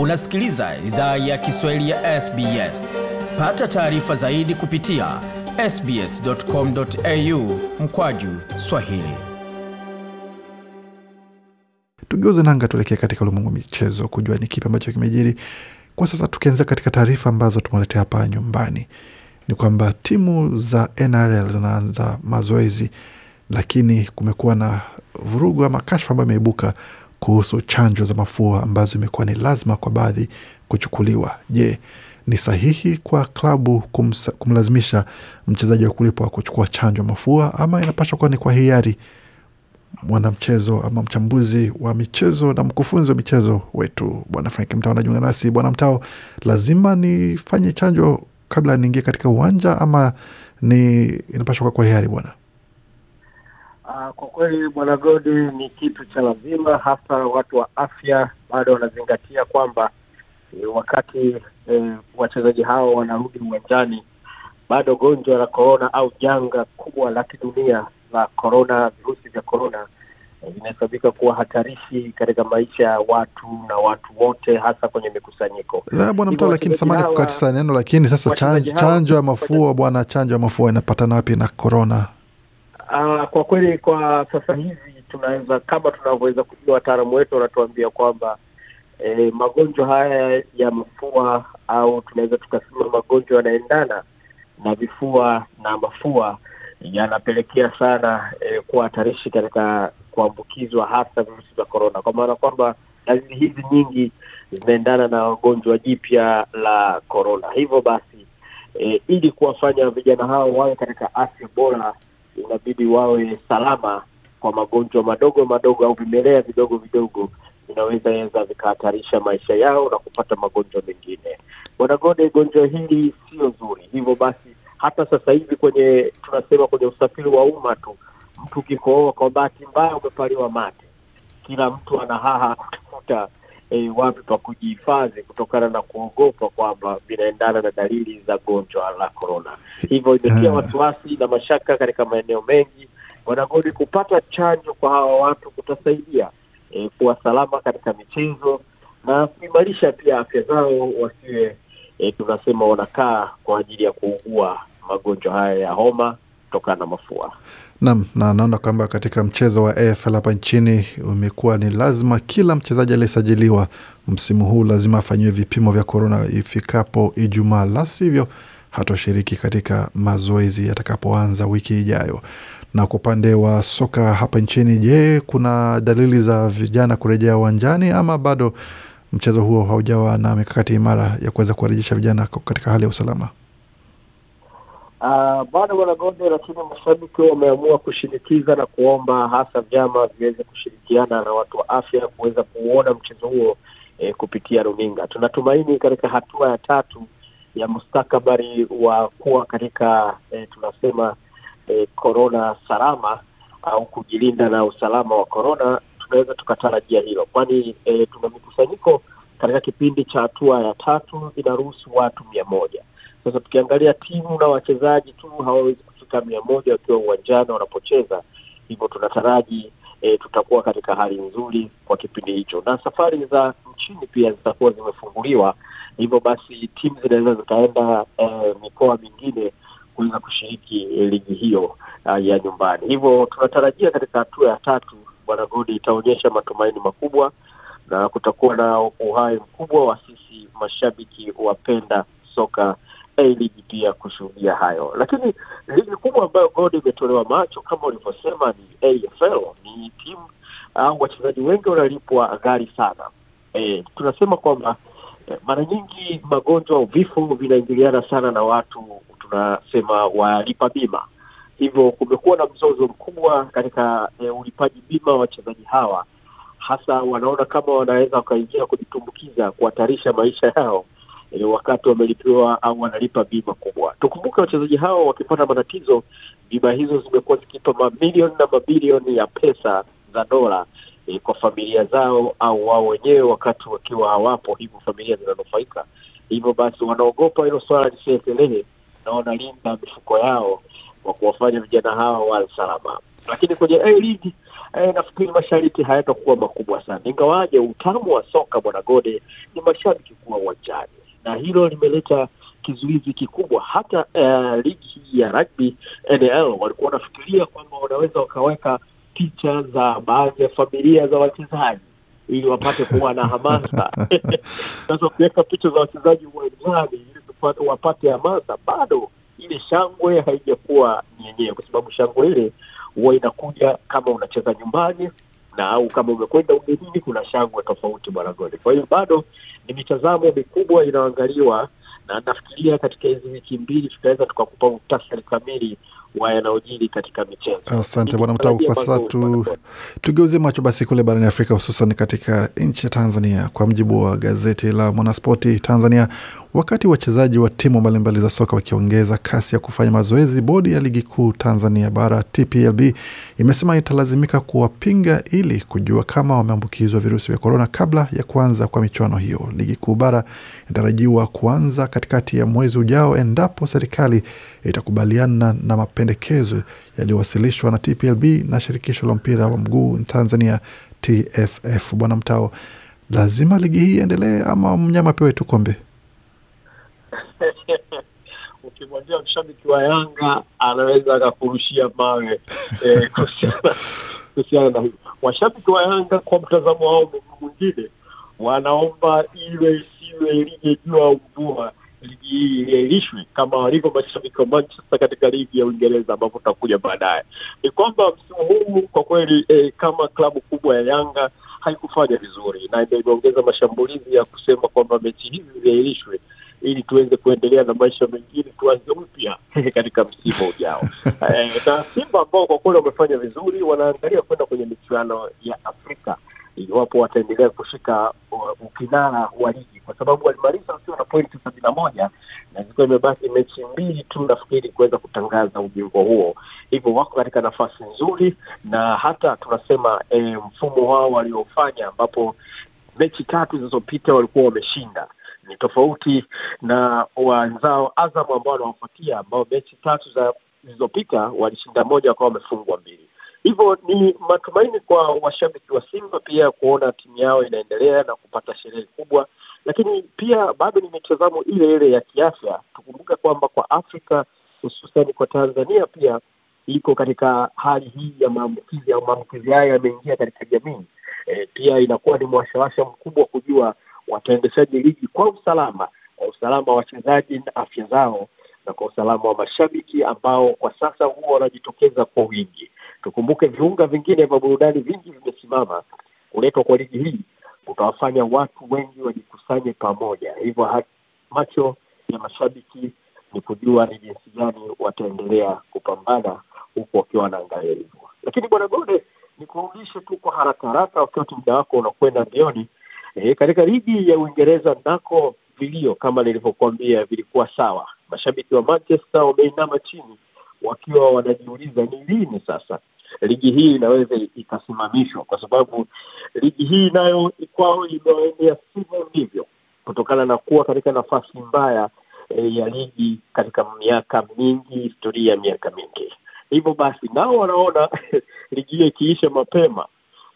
Unasikiliza idhaa ya Kiswahili ya SBS. Pata taarifa zaidi kupitia sbs.com.au mkwaju Swahili. Tugeuze nanga, tuelekee katika ulimwengu michezo kujua ni kipi ambacho kimejiri kwa sasa, tukianzia katika taarifa ambazo tumeletea hapa nyumbani ni kwamba timu za NRL zinaanza mazoezi, lakini kumekuwa na vurugu ama kashfa ambayo imeibuka kuhusu chanjo za mafua ambazo imekuwa ni lazima kwa baadhi kuchukuliwa. Je, ni sahihi kwa klabu kumsa, kumlazimisha mchezaji wa kulipwa kuchukua chanjo mafua ama inapaswa kuwa ni kwa hiari? Mwanamchezo ama mchambuzi wa michezo na mkufunzi wa michezo wetu Bwana Frank Mtao anajiunga nasi. Bwana Mtao, lazima nifanye chanjo kabla niingie katika uwanja ama ni inapaswa kuwa kwa hiari bwana? Uh, kwa kweli bwana Godi, ni kitu cha lazima, hasa watu wa afya bado wanazingatia kwamba e, wakati e, wachezaji hao wanarudi uwanjani, bado gonjwa la korona au janga kubwa la kidunia la korona, virusi vya korona eh, inahesabika kuwa hatarishi katika maisha ya watu na watu wote, hasa kwenye mikusanyiko. Bwana Mtao, lakini samani kukatisa neno, lakini sasa chanjo ya mafua bwana, chanjo ya mafua inapatana wapi na korona? Uh, kwa kweli kwa sasa hivi tunaweza kama tunavyoweza kujua, wataalamu wetu wanatuambia kwamba eh, magonjwa haya ya mafua au tunaweza tukasema magonjwa yanaendana na vifua na mafua yanapelekea sana eh, kuwa hatarishi katika kuambukizwa hasa virusi vya korona, kwa maana kwamba dalili hizi nyingi zinaendana na wagonjwa jipya la korona. Hivyo basi eh, ili kuwafanya vijana hao wawe katika afya bora inabidi wawe salama kwa magonjwa madogo madogo au vimelea vidogo vidogo vinaweza weza vikahatarisha maisha yao na kupata magonjwa mengine. Bwana Gode, gonjwa hili sio zuri. Hivyo basi hata sasa hivi kwenye tunasema kwenye usafiri wa umma tu, mtu ukikooa kwa bahati mbaya umepaliwa mate, kila mtu ana haha kutafuta eh, wapi pa kujihifadhi kutokana na kuogopa kwamba vinaendana na dalili za gonjwa la korona. Hivyo imetia ah. wasiwasi na mashaka katika maeneo mengi. Wanagodi, kupata chanjo kwa hawa watu kutasaidia eh, kuwa salama katika michezo na kuimarisha pia afya zao, wasiwe eh, tunasema wanakaa kwa ajili ya kuugua magonjwa haya ya homa kutokana na mafua. Naam, na naona kwamba katika mchezo wa AFL hapa nchini umekuwa ni lazima kila mchezaji aliyesajiliwa msimu huu lazima afanyiwe vipimo vya korona ifikapo Ijumaa, la sivyo hatoshiriki katika mazoezi yatakapoanza wiki ijayo. Na kwa upande wa soka hapa nchini, je, kuna dalili za vijana kurejea uwanjani ama bado mchezo huo haujawa na mikakati imara ya kuweza kuwarejesha vijana katika hali ya usalama? Uh, bado wanagonde, lakini mashabiki wameamua kushinikiza na kuomba hasa vyama viweze kushirikiana na watu wa afya kuweza kuuona mchezo huo eh, kupitia runinga. Tunatumaini katika hatua ya tatu ya mustakabali wa kuwa katika eh, tunasema korona eh, salama au kujilinda na usalama wa korona, tunaweza tukatarajia hilo, kwani eh, tuna mikusanyiko katika kipindi cha hatua ya tatu inaruhusu watu mia moja sasa tukiangalia timu na wachezaji tu hawawezi kufika mia moja wakiwa uwanjani wanapocheza, hivyo tunataraji e, tutakuwa katika hali nzuri kwa kipindi hicho, na safari za nchini pia zitakuwa zimefunguliwa, hivyo basi timu zinaweza zikaenda e, mikoa mingine kuweza kushiriki e, ligi hiyo a, ah, ya nyumbani. Hivyo tunatarajia katika hatua ya tatu Bwana Godi itaonyesha matumaini makubwa na kutakuwa na uhai mkubwa wa sisi mashabiki wapenda soka hii ligi pia kushuhudia hayo, lakini ligi kubwa ambayo bado imetolewa macho kama ulivyosema ni AFL. Ni timu au uh, wachezaji wengi wanalipwa ghali sana. E, tunasema kwamba eh, mara nyingi magonjwa au vifo vinaingiliana sana na watu tunasema walipa bima, hivyo kumekuwa na mzozo mkubwa katika e, ulipaji bima wa wachezaji hawa, hasa wanaona kama wanaweza wakaingia kujitumbukiza kuhatarisha maisha yao e, wakati wamelipiwa au wanalipa bima kubwa. Tukumbuke wachezaji hao wakipata matatizo, bima hizo zimekuwa zikipa mamilioni na mabilioni ya pesa za dola e, kwa familia zao au wao wenyewe wakati wakiwa hawapo, hivyo familia zinanufaika. Hivyo basi wanaogopa hilo swala lisiendelee na wanalinda mifuko yao kwa kuwafanya vijana hawa wa salama, lakini kwenye A-League Eh, nafikiri mashariki hayatakuwa makubwa sana, ingawaje utamu wa soka Bwana Gode ni mashabiki kuwa uwanjani na hilo limeleta kizuizi kikubwa. Hata uh, ligi ya rugby NL walikuwa wanafikiria kwamba wanaweza wakaweka picha za baadhi ya familia za wachezaji ili wapate kuwa na hamasa. Sasa kuweka picha za wachezaji uwanjani ili wapate hamasa, bado ile shangwe haijakuwa ni yenyewe, kwa sababu shangwe ile huwa inakuja kama unacheza nyumbani na au kama umekwenda ugenini kuna shangwe tofauti bwana Gode. Kwa hiyo bado ni mitazamo mikubwa inaangaliwa, na nafikiria katika hizi wiki mbili tutaweza tukakupa muhtasari kamili wa yanayojiri katika michezo. Asante bwana Mtau. Kwa sasa tu, tugeuzie macho basi kule barani Afrika, hususan katika nchi ya Tanzania. Kwa mjibu wa gazeti la Mwanaspoti Tanzania, Wakati wachezaji wa timu mbalimbali za soka wakiongeza kasi ya kufanya mazoezi, bodi ya ligi kuu Tanzania bara TPLB imesema italazimika kuwapinga ili kujua kama wameambukizwa virusi vya korona kabla ya kuanza kwa michuano hiyo. Ligi kuu bara inatarajiwa kuanza katikati ya mwezi ujao endapo serikali itakubaliana na mapendekezo yaliyowasilishwa na TPLB na shirikisho la mpira wa mguu Tanzania TFF. Bwana Mtao, lazima ligi hii iendelee ama mnyama pewe tu kombe? ukimwambia mshabiki wa Yanga anaweza akakurushia mawe eh, kuhusiana na hiyo. Washabiki wa Yanga kwa mtazamo wao mwingine wanaomba iwe isiwe lije jua mvua, ligi hii iliairishwe kama walivyo mashabiki wa Manchester katika ligi ya Uingereza ambapo tutakuja baadaye. Ni kwamba msimu huu kwa kweli eh, kama klabu kubwa ya Yanga haikufanya vizuri na imeongeza mashambulizi ya kusema kwamba mechi hizi ziairishwe ili tuweze kuendelea na maisha mengine, tuanze upya katika msimu ujao. E, na Simba ambao kwa kweli wamefanya vizuri, wanaangalia kwenda kwenye michuano ya Afrika iwapo wataendelea kushika uh, ukinara wa ligi, kwa sababu walimaliza wakiwa na pointi sabini na moja na zilikuwa imebaki mechi mbili tu nafikiri kuweza kutangaza ubingwa huo, hivyo wako katika nafasi nzuri, na hata tunasema e, mfumo wao waliofanya ambapo mechi tatu zilizopita walikuwa wameshinda ni tofauti na wenzao Azamu ambao wanawafuatia ambao mechi tatu za zilizopita walishinda moja wakawa wamefungwa mbili. Hivyo ni matumaini kwa washabiki wa Simba pia kuona timu yao inaendelea na kupata sherehe kubwa, lakini pia bado ni mitazamo ile ile ya kiafya. Tukumbuke kwamba kwa Afrika hususani kwa Tanzania pia iko katika hali hii ya maambukizi au maambukizi haya yameingia katika jamii e, pia inakuwa ni mwashawasha mkubwa kujua wataendeshaje ligi kwa usalama, kwa usalama wa wachezaji na afya zao, na kwa usalama wa mashabiki ambao kwa sasa huwa wanajitokeza kwa wingi. Tukumbuke viunga vingine vya burudani vingi vimesimama. Kuletwa kwa ligi hii kutawafanya watu wengi wajikusanye pamoja, hivyo macho ya mashabiki ni kujua ni jinsi gani wataendelea kupambana huku wakiwa wanaangalia hivyo. Lakini bwana Gode, nikurudishe tu kwa haraka haraka, wakati muda wako unakwenda mbioni, E, katika ligi ya Uingereza nako vilio kama nilivyokuambia vilikuwa sawa. Mashabiki wa Manchester wameinama chini wakiwa wanajiuliza ni lini sasa ligi hii inaweza ikasimamishwa, kwa sababu ligi hii nayo ikwao imewaendea sivyo ndivyo, kutokana na kuwa katika nafasi mbaya e, ya ligi katika miaka mingi, historia ya miaka mingi. Hivyo basi nao wanaona ligi hiyo ikiisha mapema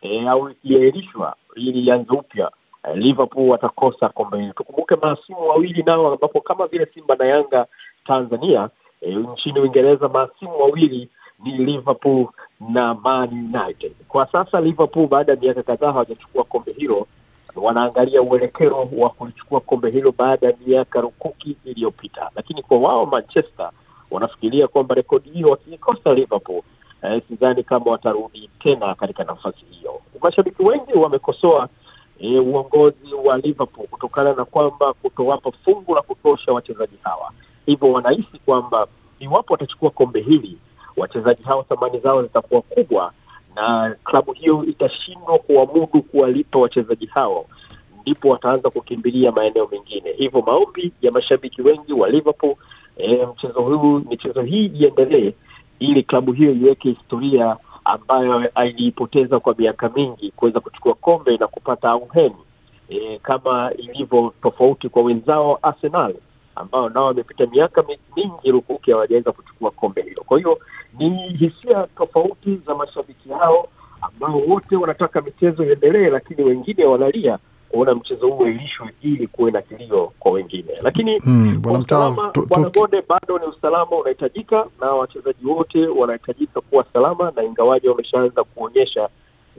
e, au ikiahirishwa ili ianze upya Eh, Liverpool watakosa kombe. Tukumbuke maasimu wawili nao, ambapo kama vile Simba na Yanga Tanzania e, nchini Uingereza maasimu wawili ni Liverpool na Man United. Kwa sasa Liverpool baada ya miaka kadhaa hawajachukua kombe hilo, wanaangalia uelekeo wa kulichukua kombe hilo baada ya miaka rukuki iliyopita. Lakini kwa wao Manchester wanafikiria kwamba rekodi hiyo wakiikosa Liverpool eh, sidhani kama watarudi tena katika nafasi hiyo. Mashabiki wengi wamekosoa e, uongozi wa Liverpool kutokana na kwamba kutowapa fungu la kutosha wachezaji hawa, hivyo wanahisi kwamba iwapo watachukua kombe hili wachezaji hao thamani zao zitakuwa kubwa na klabu hiyo itashindwa kuwamudu kuwalipa wachezaji hao, ndipo wataanza kukimbilia maeneo mengine. Hivyo maombi ya mashabiki wengi wa Liverpool e, mchezo huu michezo hii iendelee ili klabu hiyo iweke historia ambayo aliipoteza kwa miaka mingi kuweza kuchukua kombe na kupata auheni e, kama ilivyo tofauti kwa wenzao Arsenal ambao nao wamepita miaka mingi rukuki hawajaweza kuchukua kombe hilo. Kwa hiyo ni hisia tofauti za mashabiki hao ambao wote wanataka michezo iendelee, lakini wengine wanalia kuona mchezo huu uailishwe ili kuwe na kilio kwa wengine, lakini mm, bwana Gode, bado ni usalama unahitajika na wachezaji wote wanahitajika kuwa salama, na ingawaji wameshaanza kuonyesha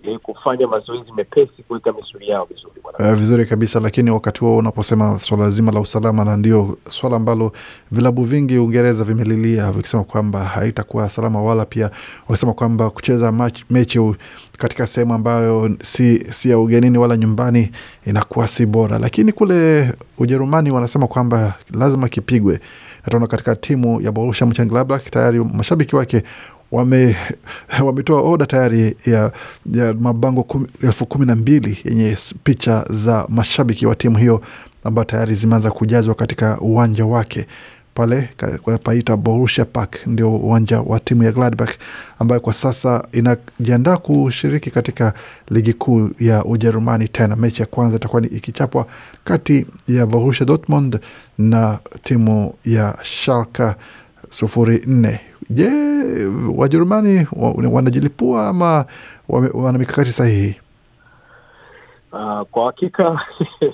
e, kufanya mazoezi mepesi, kuweka misuli yao vizuri. Uh, vizuri kabisa, lakini wakati huo unaposema swala zima la usalama, na ndio swala ambalo vilabu vingi Uingereza vimelilia vikisema kwamba haitakuwa salama, wala pia wakisema kwamba kucheza match, mechi katika sehemu ambayo si, si ya ugenini wala nyumbani inakuwa si bora, lakini kule Ujerumani wanasema kwamba lazima kipigwe. Natuona katika timu ya Borussia Mönchengladbach tayari mashabiki wake wame wametoa oda tayari ya, ya mabango kum, elfu kumi na mbili yenye picha za mashabiki wa timu hiyo ambayo tayari zimeanza kujazwa katika uwanja wake pale paita Borussia Park, ndio uwanja wa timu ya Gladbach ambayo kwa sasa inajiandaa kushiriki katika ligi kuu ya Ujerumani. Tena mechi ya kwanza itakuwa ikichapwa kati ya Borussia Dortmund na timu ya Schalke sufuri nne Je, Wajerumani wanajilipua ama wana mikakati sahihi? Uh, kwa hakika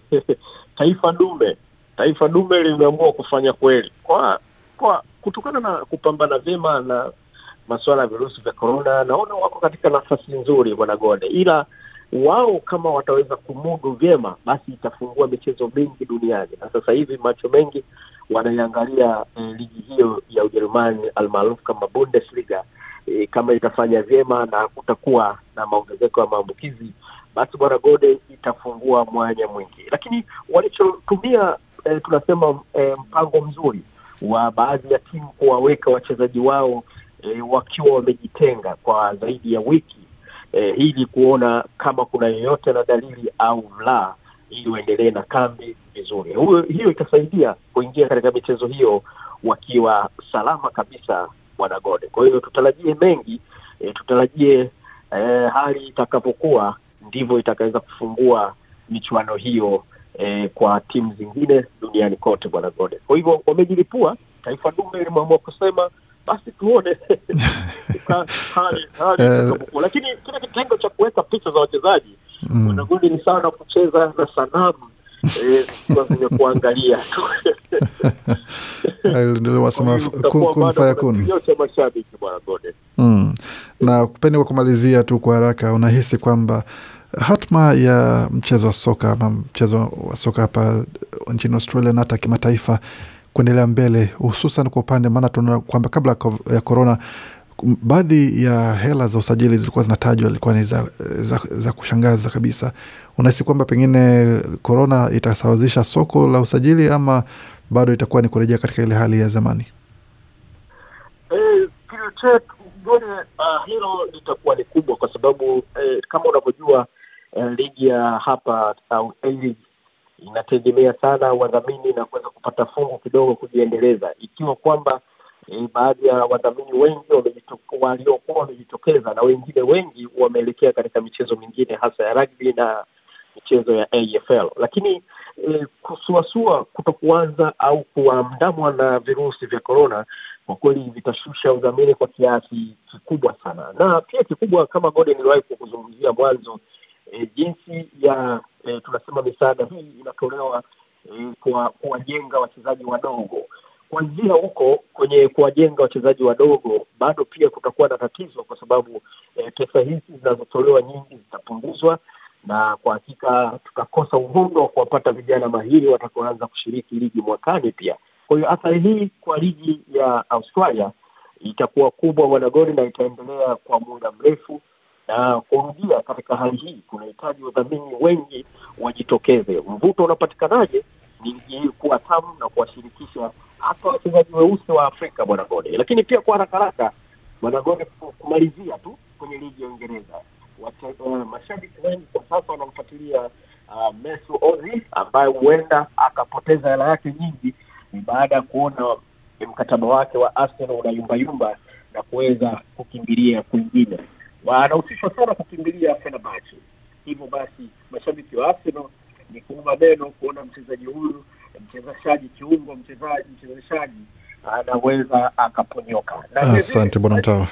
taifa dume taifa dume limeamua kufanya kweli kwa kwa kutokana na kupambana vyema na masuala ya virusi vya korona. Naona wako katika nafasi nzuri wanagode, ila wao kama wataweza kumudu vyema, basi itafungua michezo mingi duniani, na sasa hivi macho mengi wanaiangalia eh, ligi hiyo ya Ujerumani almaarufu kama Bundesliga eh, kama itafanya vyema na kutakuwa na maongezeko ya maambukizi, basi bwana Gode itafungua mwanya mwingi, lakini walichotumia eh, tunasema eh, mpango mzuri wa baadhi ya timu kuwaweka wachezaji wao eh, wakiwa wamejitenga kwa zaidi ya wiki eh, ili kuona kama kuna yeyote na dalili au mlaa, ili waendelee na kambi vizuri. Huyo, hiyo itasaidia kuingia katika michezo hiyo wakiwa salama kabisa Wanagode. Kwa hiyo tutarajie mengi e, tutarajie e, hali itakapokuwa ndivyo itakaweza kufungua michuano hiyo e, kwa timu zingine duniani kote bwana Gode. Kwa hivyo wamejilipua, taifa dume limeamua kusema basi tuone hali itakapokuwa, lakini kile kitengo cha kuweka picha za wachezaji mm. Bwana ni sawa na kucheza na sanamu kwenye kuangalia mm. Na pende kwa kumalizia tu kwa haraka, unahisi kwamba hatma ya mchezo wa soka ama mchezo wa soka hapa nchini Australia na hata kimataifa kuendelea mbele, hususan kwa upande maana tunaona kwamba kabla ya korona baadhi ya hela za usajili zilikuwa zinatajwa ilikuwa ni za, za, za kushangaza kabisa. Unahisi kwamba pengine korona itasawazisha soko la usajili ama bado itakuwa ni kurejea katika ile hali ya zamani? E, uh, hilo litakuwa ni kubwa kwa sababu eh, kama unavyojua eh, ligi ya hapa inategemea sana wadhamini na kuweza kupata fungu kidogo kujiendeleza, ikiwa kwamba E, baadhi ya wadhamini wengi waliokuwa wamejitokeza na wengine wengi wameelekea katika michezo mingine hasa ya rugby na michezo ya AFL, lakini e, kusuasua kutokuanza au kuandamwa na virusi vya korona kwa kweli vitashusha udhamini kwa kiasi kikubwa sana, na pia kikubwa kama Gode niliwahi kuzungumzia mwanzo e, jinsi ya e, tunasema misaada hii inatolewa e, kwa kuwajenga wachezaji wadogo kuanzia huko kwenye kuwajenga wachezaji wadogo bado pia kutakuwa na tatizo, kwa sababu eh, pesa hizi zinazotolewa nyingi zitapunguzwa, na kwa hakika tutakosa uhondo wa kuwapata vijana mahiri watakaoanza kushiriki ligi mwakani pia. Kwa hiyo athari hii kwa ligi ya Australia itakuwa kubwa Wanagori, na itaendelea kwa muda mrefu na kurudia katika hali hii kunahitaji wadhamini wengi wajitokeze. Mvuto unapatikanaje? Ni ligi hii kuwa tamu na kuwashirikisha hata wachezaji weusi wa Afrika bwana Gode. Lakini pia kwa haraka haraka bwana Gode, kumalizia tu kwenye ligi ya Uingereza, eh, mashabiki wengi kwa sasa wanamfuatilia uh, ah, Mesut Ozil ambaye huenda akapoteza hela yake nyingi baada ya kuona mkataba wake wa Arsenal unayumbayumba na kuweza kukimbilia kwingine. Wanahusishwa sana kukimbilia Fenerbahce. Hivyo basi mashabiki wa Arsenal ni kuuma meno kuona mchezaji huyu mchezeshaji kiungo, mchezaji, mchezeshaji anaweza akaponyoka. Ah, asante bwana Mtao.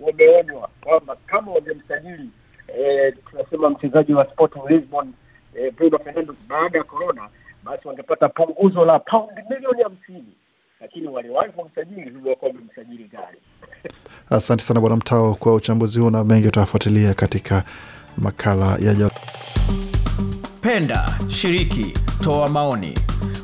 Wameonywa kwamba kama wangemsajili eh, tunasema mchezaji wa Sporting Lisbon eh, Bruno Fernandes baada ya corona, basi wangepata punguzo la paundi milioni hamsini lakini wamemsajili Asante sana bwana Mtao kwa uchambuzi huu na mengi utayafuatilia katika makala ya Penda, shiriki, toa maoni.